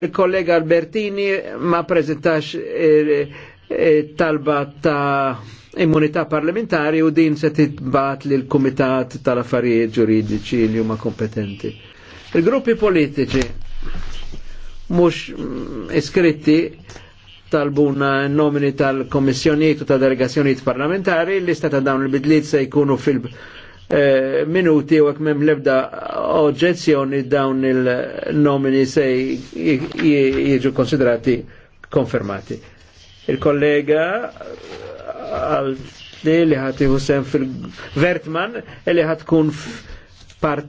il-kollega Albertini ma prezentax talba ta' immunità parlamentari u din se titbat l kumitat tal-affarijiet ġuridiċi li huma kompetenti. Il-gruppi politiċi mhux iskritti talbuna nomini tal kommissjonijiet u tal delegazzjonijiet parlamentari, li sta ta' dawn il-bidliet se jkunu fil- Eh, minuti u għek mem lebda oġezzjoni dawn il-nomini se jieġu konsiderati konfermati. Il-kollega għal li ħati Hussein fil-Vertman e li kun part